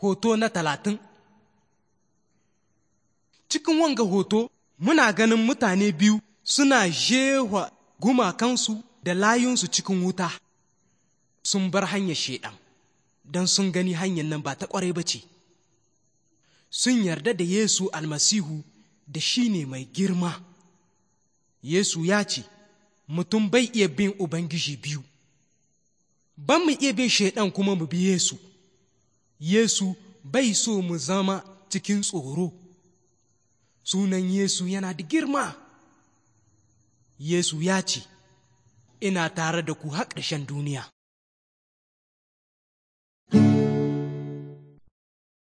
hoto na talatin cikin wanga hoto muna ganin mutane biyu suna jewa gumakansu da layunsu cikin wuta sun bar hanyar shaidan don sun gani hanyar nan ba ta kwarai ba ce sun yarda da yesu almasihu da shi ne mai girma yesu ya ce mutum bai iya bin ubangiji biyu ban mu iya bin shaiɗan kuma mu bi yesu Yesu bai so mu zama cikin tsoro, sunan Yesu yana da girma. Yesu ya ce, Ina tare da ku har duniya.